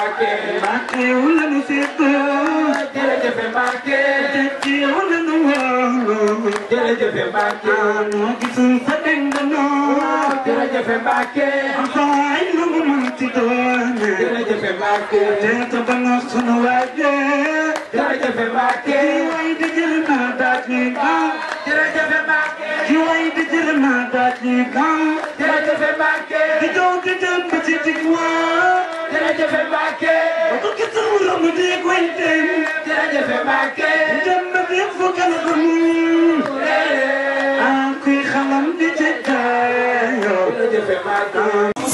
Mbàkke Mbàkke wala nu seet jërëjëf Mbàkke ci wala nu wóolu jërëjëf Mbàkke noo gisul sa dengano jërëjëf Mbàkke ay lu mu munti doon jërëjëf Mbàkke te tabana sunu waaje jërëjëf Mbàkke way di jël na daaj ni ka jërëjëf Mbàkke ki way di jël na daaj ni ka jërëjëf Mbàkke di jow di jël ci digwa jërëjëf Mbacke. ko gis nga mu romb dégg way tey. jërëjëf Mbacke. dem ba bépp foo gën a ko muñ. ah kuy xalam di jëjëf. jërëjëf Mbacke.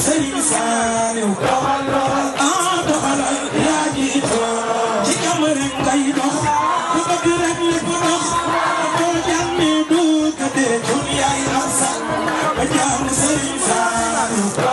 Serigne Saliou. doxal ah, doxal ah doxalal. yaa ngi dox. ci kam rek ngay dox. ku bëgg rek lépp dox. boo jàmmee du tëddee. jur yaay am sax. ba jàmm Serigne Saliou.